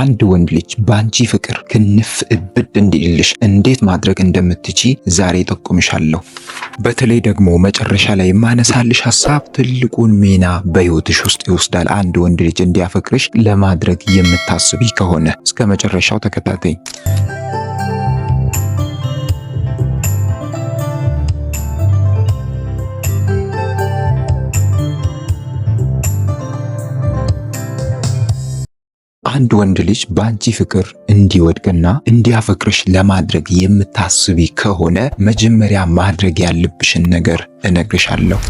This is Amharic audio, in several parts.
አንድ ወንድ ልጅ በአንቺ ፍቅር ክንፍ እብድ እንዲልሽ እንዴት ማድረግ እንደምትቺ ዛሬ ጠቁምሻለሁ። በተለይ ደግሞ መጨረሻ ላይ የማነሳልሽ ሀሳብ ትልቁን ሚና በህይወትሽ ውስጥ ይወስዳል። አንድ ወንድ ልጅ እንዲያፈቅርሽ ለማድረግ የምታስቢ ከሆነ እስከ መጨረሻው ተከታተኝ። አንድ ወንድ ልጅ በአንቺ ፍቅር እንዲወድቅና እንዲያፈቅርሽ ለማድረግ የምታስቢ ከሆነ መጀመሪያ ማድረግ ያለብሽን ነገር እነግርሻለሁ።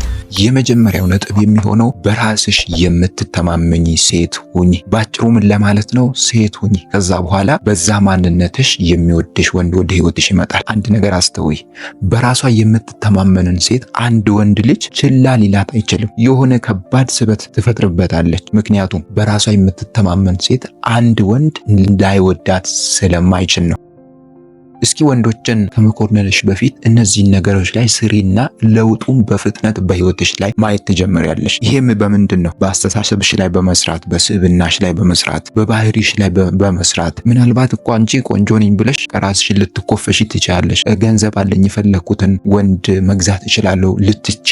የመጀመሪያው ነጥብ የሚሆነው በራስሽ የምትተማመኝ ሴት ሁኚ። ባጭሩ ምን ለማለት ነው? ሴት ሁኚ። ከዛ በኋላ በዛ ማንነትሽ የሚወድሽ ወንድ ወደ ህይወትሽ ይመጣል። አንድ ነገር አስተውይ። በራሷ የምትተማመንን ሴት አንድ ወንድ ልጅ ችላ ሊላት አይችልም። የሆነ ከባድ ስበት ትፈጥርበታለች። ምክንያቱም በራሷ የምትተማመን ሴት አንድ ወንድ ላይወዳት ስለማይችል ነው። እስኪ ወንዶችን ከመኮርነልሽ በፊት እነዚህን ነገሮች ላይ ስሪና ለውጡን በፍጥነት በህይወትሽ ላይ ማየት ትጀምሪያለሽ። ይሄም በምንድን ነው? በአስተሳሰብሽ ላይ በመስራት በስብናሽ ላይ በመስራት በባህሪሽ ላይ በመስራት ምናልባት እኳ አንቺ ቆንጆ ነኝ ብለሽ ከራስሽ ልትኮፈሽ ትችላለሽ። ገንዘብ አለኝ የፈለግኩትን ወንድ መግዛት እችላለሁ ልትቺ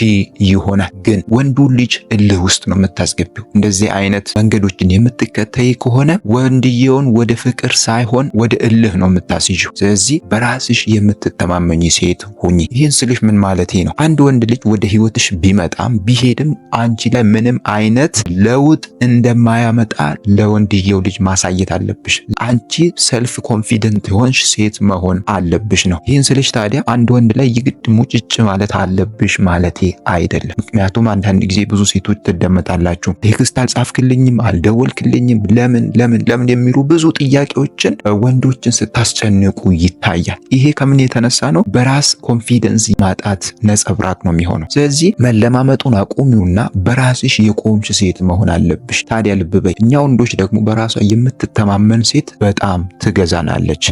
ይሆናል። ግን ወንዱ ልጅ እልህ ውስጥ ነው የምታስገቢው። እንደዚህ አይነት መንገዶችን የምትከተይ ከሆነ ወንድየውን ወደ ፍቅር ሳይሆን ወደ እልህ ነው የምታስይው። ስለዚህ በራስሽ የምትተማመኝ ሴት ሁኚ። ይህን ስልሽ ምን ማለቴ ነው? አንድ ወንድ ልጅ ወደ ህይወትሽ ቢመጣም ቢሄድም አንቺ ላይ ምንም አይነት ለውጥ እንደማያመጣ ለወንድየው ልጅ ማሳየት አለብሽ። አንቺ ሰልፍ ኮንፊደንት የሆንሽ ሴት መሆን አለብሽ ነው። ይህን ስልሽ ታዲያ አንድ ወንድ ላይ የግድ ሙጭጭ ማለት አለብሽ ማለቴ አይደለም። ምክንያቱም አንዳንድ ጊዜ ብዙ ሴቶች ትደመጣላችሁ። ቴክስት አልጻፍክልኝም፣ አልደወልክልኝም፣ ለምን ለምን ለምን የሚሉ ብዙ ጥያቄዎችን ወንዶችን ስታስጨንቁ ይታል ይታያል። ይሄ ከምን የተነሳ ነው? በራስ ኮንፊደንስ ማጣት ነጸብራቅ ነው የሚሆነው። ስለዚህ መለማመጡን አቁሚውና በራስሽ የቆምሽ ሴት መሆን አለብሽ። ታዲያ ልብ በይ፣ እኛ ወንዶች ደግሞ በራሷ የምትተማመን ሴት በጣም ትገዛናለች።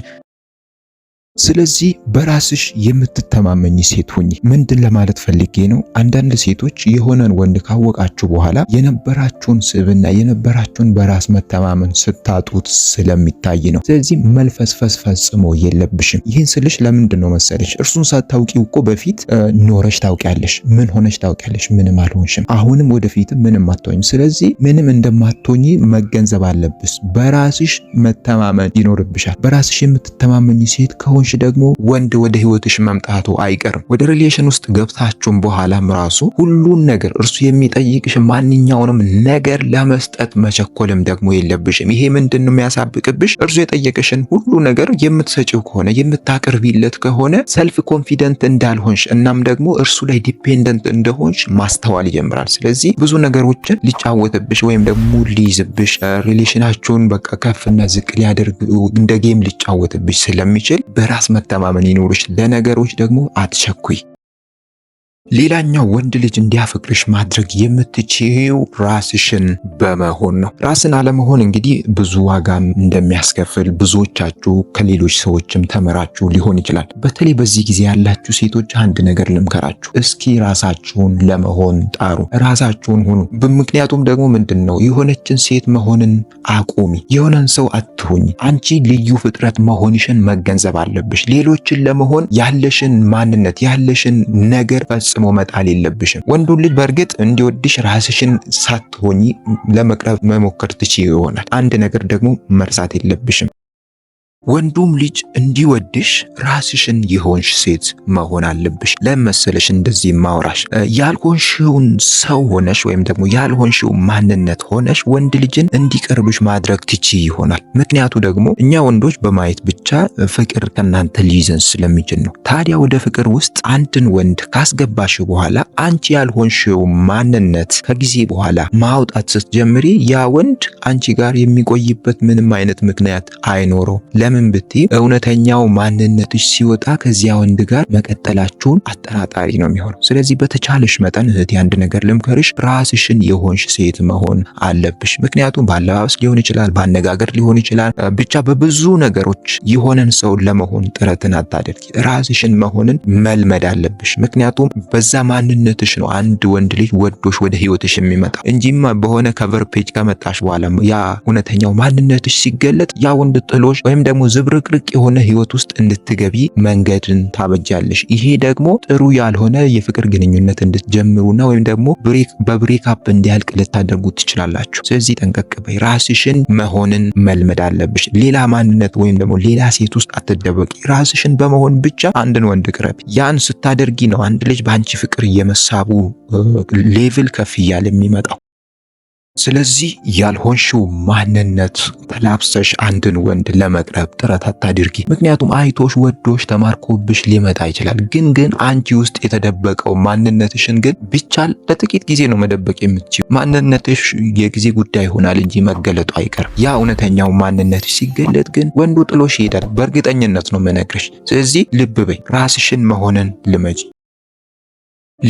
ስለዚህ በራስሽ የምትተማመኝ ሴት ሁኚ። ምንድን ለማለት ፈልጌ ነው? አንዳንድ ሴቶች የሆነን ወንድ ካወቃችሁ በኋላ የነበራችሁን ስብና የነበራችሁን በራስ መተማመን ስታጡት ስለሚታይ ነው። ስለዚህ መልፈስፈስ ፈጽሞ የለብሽም። ይህን ስልሽ ለምንድን ነው መሰለሽ? እርሱን ሳታውቂው እኮ በፊት ኖረሽ ታውቂያለሽ። ምን ሆነሽ ታውቂያለሽ? ምንም አልሆንሽም። አሁንም ወደፊትም ምንም አትሆኝም። ስለዚህ ምንም እንደማትሆኚ መገንዘብ አለብሽ። በራስሽ መተማመን ይኖርብሻል። በራስሽ የምትተማመኝ ሴት ከሆን ከሆንሽ ደግሞ ወንድ ወደ ህይወትሽ መምጣቱ አይቀርም። ወደ ሪሌሽን ውስጥ ገብታችሁም በኋላም ራሱ ሁሉን ነገር እርሱ የሚጠይቅሽ ማንኛውንም ነገር ለመስጠት መቸኮልም ደግሞ የለብሽም። ይሄ ምንድን ነው የሚያሳብቅብሽ? እርሱ የጠየቀሽን ሁሉ ነገር የምትሰጪው ከሆነ የምታቀርቢለት ከሆነ ሰልፍ ኮንፊደንት እንዳልሆንሽ እናም ደግሞ እርሱ ላይ ዲፔንደንት እንደሆንሽ ማስተዋል ይጀምራል። ስለዚህ ብዙ ነገሮችን ሊጫወትብሽ ወይም ደግሞ ሊይዝብሽ ሪሌሽናችሁን በቃ ከፍና ዝቅ ሊያደርግ እንደ ጌም ሊጫወትብሽ ስለሚችል በራ በራስ መተማመን ይኖርሽ። ለነገሮች ደግሞ አትቸኩይ። ሌላኛው ወንድ ልጅ እንዲያፈቅርሽ ማድረግ የምትችይው ራስሽን በመሆን ነው። ራስን አለመሆን እንግዲህ ብዙ ዋጋም እንደሚያስከፍል ብዙዎቻችሁ ከሌሎች ሰዎችም ተምራችሁ ሊሆን ይችላል። በተለይ በዚህ ጊዜ ያላችሁ ሴቶች አንድ ነገር ልምከራችሁ፣ እስኪ ራሳችሁን ለመሆን ጣሩ፣ ራሳችሁን ሁኑ። ምክንያቱም ደግሞ ምንድን ነው የሆነችን ሴት መሆንን አቁሚ፣ የሆነን ሰው አትሁኝ። አንቺ ልዩ ፍጥረት መሆንሽን መገንዘብ አለብሽ። ሌሎችን ለመሆን ያለሽን ማንነት ያለሽን ነገር ፈጽሞ መጣል የለብሽም። ወንዱን ልጅ በእርግጥ እንዲወድሽ ራስሽን ሳትሆኚ ለመቅረብ መሞከር ትችይ ይሆናል። አንድ ነገር ደግሞ መርሳት የለብሽም። ወንዱም ልጅ እንዲወድሽ ራስሽን የሆንሽ ሴት መሆን አለብሽ። ለመሰለሽ እንደዚህ ማውራሽ ያልሆንሽውን ሰው ሆነሽ ወይም ደግሞ ያልሆንሽው ማንነት ሆነሽ ወንድ ልጅን እንዲቀርብሽ ማድረግ ትቺ ይሆናል። ምክንያቱ ደግሞ እኛ ወንዶች በማየት ብቻ ፍቅር ከእናንተ ሊይዘን ስለሚችል ነው። ታዲያ ወደ ፍቅር ውስጥ አንድን ወንድ ካስገባሽ በኋላ አንቺ ያልሆንሽው ማንነት ከጊዜ በኋላ ማውጣት ስትጀምሪ ያ ወንድ አንቺ ጋር የሚቆይበት ምንም አይነት ምክንያት አይኖረው። ለምን ብትይ እውነተኛው ማንነትሽ ሲወጣ ከዚያ ወንድ ጋር መቀጠላችሁን አጠራጣሪ ነው የሚሆነው። ስለዚህ በተቻለሽ መጠን እህት አንድ ነገር ልምከርሽ፣ ራስሽን የሆንሽ ሴት መሆን አለብሽ። ምክንያቱም በአለባበስ ሊሆን ይችላል፣ ባነጋገር ሊሆን ይችላል፣ ብቻ በብዙ ነገሮች የሆነን ሰው ለመሆን ጥረትን አታደርጊ። ራስሽን መሆንን መልመድ አለብሽ። ምክንያቱም በዛ ማንነትሽ ነው አንድ ወንድ ልጅ ወዶሽ ወደ ህይወትሽ የሚመጣ እንጂማ በሆነ ከቨር ፔጅ ከመጣሽ በኋላ ያ እውነተኛው ማንነትሽ ሲገለጥ ያ ወንድ ጥሎሽ ወይም ደግሞ ደግሞ ዝብርቅርቅ የሆነ ህይወት ውስጥ እንድትገቢ መንገድን ታበጃለሽ። ይሄ ደግሞ ጥሩ ያልሆነ የፍቅር ግንኙነት እንድትጀምሩና ወይም ደግሞ በብሬክ አፕ እንዲያልቅ ልታደርጉ ትችላላችሁ። ስለዚህ ጠንቀቅ በይ። ራስሽን መሆንን መልመድ አለብሽ። ሌላ ማንነት ወይም ደግሞ ሌላ ሴት ውስጥ አትደበቂ። ራስሽን በመሆን ብቻ አንድን ወንድ ቅረብ። ያን ስታደርጊ ነው አንድ ልጅ በአንቺ ፍቅር የመሳቡ ሌቭል ከፍ እያለ የሚመጣው። ስለዚህ ያልሆንሽው ማንነት ተላብሰሽ አንድን ወንድ ለመቅረብ ጥረት አታድርጊ። ምክንያቱም አይቶሽ ወዶሽ ተማርኮብሽ ሊመጣ ይችላል። ግን ግን አንቺ ውስጥ የተደበቀው ማንነትሽን ግን ቢቻል ለጥቂት ጊዜ ነው መደበቅ የምትችይው። ማንነትሽ የጊዜ ጉዳይ ሆናል እንጂ መገለጡ አይቀርም። ያ እውነተኛው ማንነትሽ ሲገለጥ ግን ወንዱ ጥሎሽ ይሄዳል። በእርግጠኝነት ነው መነግርሽ። ስለዚህ ልብ በይ፣ ራስሽን መሆንን ልመጂ።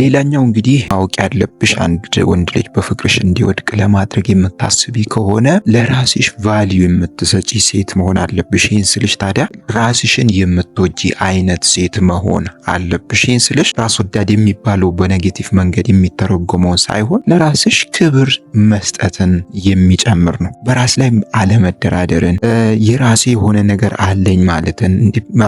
ሌላኛው እንግዲህ ማወቅ ያለብሽ አንድ ወንድ ልጅ በፍቅርሽ እንዲወድቅ ለማድረግ የምታስቢ ከሆነ ለራስሽ ቫልዩ የምትሰጪ ሴት መሆን አለብሽ። ይህን ስልሽ ታዲያ ራስሽን የምትወጂ አይነት ሴት መሆን አለብሽ። ይህን ስልሽ ራስ ወዳድ የሚባለው በኔጌቲቭ መንገድ የሚተረጎመውን ሳይሆን ለራስሽ ክብር መስጠትን የሚጨምር ነው። በራስ ላይ አለመደራደርን፣ የራሴ የሆነ ነገር አለኝ ማለትን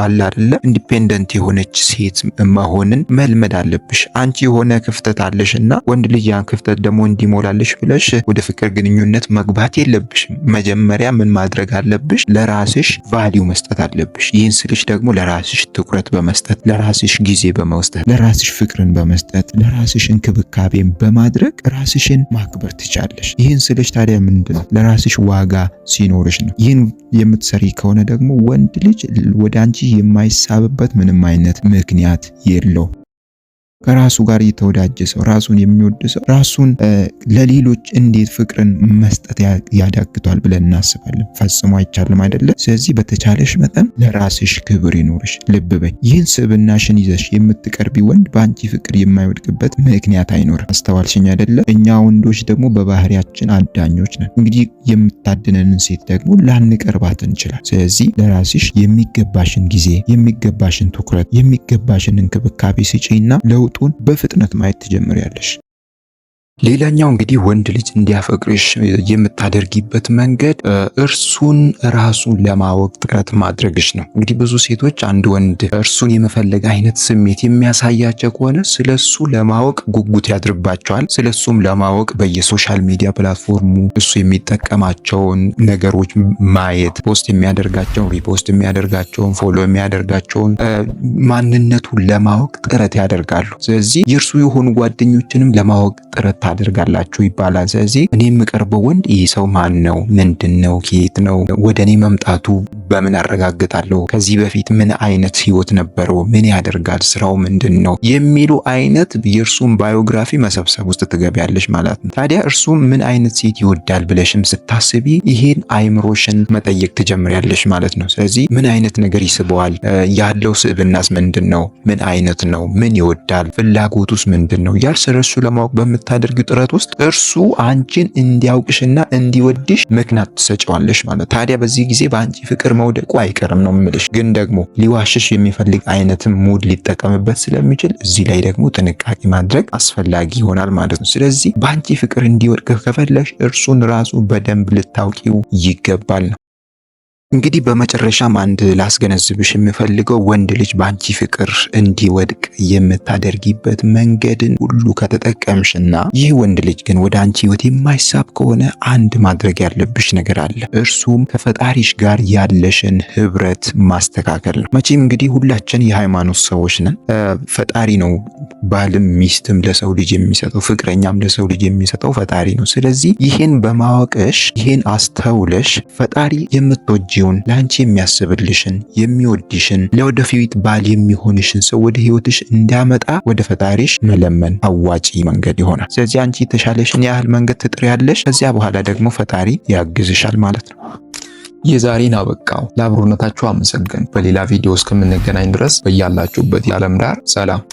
አለ አይደለ ኢንዲፔንደንት የሆነች ሴት መሆንን መልመድ አለብሽ። አንቺ የሆነ ክፍተት አለሽ እና ወንድ ልጅ ያን ክፍተት ደግሞ እንዲሞላልሽ ብለሽ ወደ ፍቅር ግንኙነት መግባት የለብሽም። መጀመሪያ ምን ማድረግ አለብሽ? ለራስሽ ቫሊዩ መስጠት አለብሽ። ይህን ስልሽ ደግሞ ለራስሽ ትኩረት በመስጠት ለራስሽ ጊዜ በመስጠት ለራስሽ ፍቅርን በመስጠት ለራስሽ እንክብካቤን በማድረግ ራስሽን ማክበር ትቻለሽ። ይህን ስልሽ ታዲያ ምንድን ነው ለራስሽ ዋጋ ሲኖርሽ ነው። ይህን የምትሰሪ ከሆነ ደግሞ ወንድ ልጅ ወደ አንቺ የማይሳብበት ምንም አይነት ምክንያት የለው። ከራሱ ጋር የተወዳጀ ሰው ራሱን የሚወድ ሰው ራሱን ለሌሎች እንዴት ፍቅርን መስጠት ያዳግቷል ብለን እናስባለን? ፈጽሞ አይቻልም አይደለም። ስለዚህ በተቻለሽ መጠን ለራስሽ ክብር ይኖርሽ። ልብ በይ፣ ይህን ስብናሽን ይዘሽ የምትቀርቢ ወንድ በአንቺ ፍቅር የማይወድቅበት ምክንያት አይኖርም። አስተዋልሽኝ አይደለ? እኛ ወንዶች ደግሞ በባህሪያችን አዳኞች ነን። እንግዲህ የምታድነንን ሴት ደግሞ ላንቀርባት እንችላል። ስለዚህ ለራስሽ የሚገባሽን ጊዜ፣ የሚገባሽን ትኩረት፣ የሚገባሽን እንክብካቤ ስጪና ለው ለውጡን በፍጥነት ማየት ትጀምሪያለሽ። ሌላኛው እንግዲህ ወንድ ልጅ እንዲያፈቅርሽ የምታደርጊበት መንገድ እርሱን ራሱን ለማወቅ ጥረት ማድረግሽ ነው። እንግዲህ ብዙ ሴቶች አንድ ወንድ እርሱን የመፈለግ አይነት ስሜት የሚያሳያቸው ከሆነ ስለሱ ለማወቅ ጉጉት ያድርባቸዋል። ስለሱም ለማወቅ በየሶሻል ሚዲያ ፕላትፎርሙ እሱ የሚጠቀማቸውን ነገሮች ማየት፣ ፖስት የሚያደርጋቸውን፣ ሪፖስት የሚያደርጋቸውን፣ ፎሎ የሚያደርጋቸውን ማንነቱን ለማወቅ ጥረት ያደርጋሉ። ስለዚህ የእርሱ የሆኑ ጓደኞችንም ለማወቅ ጥረት ታደርጋላችሁ ይባላል። ስለዚህ እኔ የምቀርበው ወንድ ይህ ሰው ማን ነው? ምንድን ነው? ከየት ነው? ወደ እኔ መምጣቱ በምን አረጋግጣለሁ? ከዚህ በፊት ምን አይነት ህይወት ነበረው? ምን ያደርጋል? ስራው ምንድን ነው? የሚሉ አይነት የእርሱን ባዮግራፊ መሰብሰብ ውስጥ ትገቢያለሽ ማለት ነው። ታዲያ እርሱ ምን አይነት ሴት ይወዳል ብለሽም ስታስቢ ይሄን አይምሮሽን መጠየቅ ትጀምሪያለሽ ማለት ነው። ስለዚህ ምን አይነት ነገር ይስበዋል? ያለው ስብዕናስ ምንድን ነው? ምን አይነት ነው? ምን ይወዳል? ፍላጎቱስ ምንድን ነው? ያል ለማወቅ በምታደርግ በማድረግ ጥረት ውስጥ እርሱ አንቺን እንዲያውቅሽና እንዲወድሽ ምክንያት ትሰጪዋለሽ ማለት። ታዲያ በዚህ ጊዜ በአንቺ ፍቅር መውደቁ አይቀርም ነው የምልሽ። ግን ደግሞ ሊዋሽሽ የሚፈልግ አይነትም ሙድ ሊጠቀምበት ስለሚችል እዚህ ላይ ደግሞ ጥንቃቄ ማድረግ አስፈላጊ ይሆናል ማለት ነው። ስለዚህ በአንቺ ፍቅር እንዲወድቅ ከፈለሽ እርሱን ራሱ በደንብ ልታውቂው ይገባል ነው። እንግዲህ በመጨረሻም አንድ ላስገነዝብሽ የምፈልገው ወንድ ልጅ በአንቺ ፍቅር እንዲወድቅ የምታደርጊበት መንገድን ሁሉ ከተጠቀምሽና ይህ ወንድ ልጅ ግን ወደ አንቺ ህይወት የማይሳብ ከሆነ አንድ ማድረግ ያለብሽ ነገር አለ። እርሱም ከፈጣሪሽ ጋር ያለሽን ህብረት ማስተካከል ነው። መቼም እንግዲህ ሁላችን የሃይማኖት ሰዎች ነን። ፈጣሪ ነው ባልም ሚስትም ለሰው ልጅ የሚሰጠው ፍቅረኛም ለሰው ልጅ የሚሰጠው ፈጣሪ ነው። ስለዚህ ይህን በማወቅሽ ይህን አስተውለሽ ፈጣሪ የምትወጅ የምትወጂውን ለአንቺ የሚያስብልሽን የሚወድሽን ለወደፊት ባል የሚሆንሽን ሰው ወደ ህይወትሽ እንዲያመጣ ወደ ፈጣሪሽ መለመን አዋጪ መንገድ ይሆናል። ስለዚህ አንቺ የተሻለሽን ያህል መንገድ ትጥሪያለሽ። ከዚያ በኋላ ደግሞ ፈጣሪ ያግዝሻል ማለት ነው። የዛሬን አበቃው። ለአብሮነታችሁ አመሰግን። በሌላ ቪዲዮ እስከምንገናኝ ድረስ በያላችሁበት የዓለም ዳር ሰላም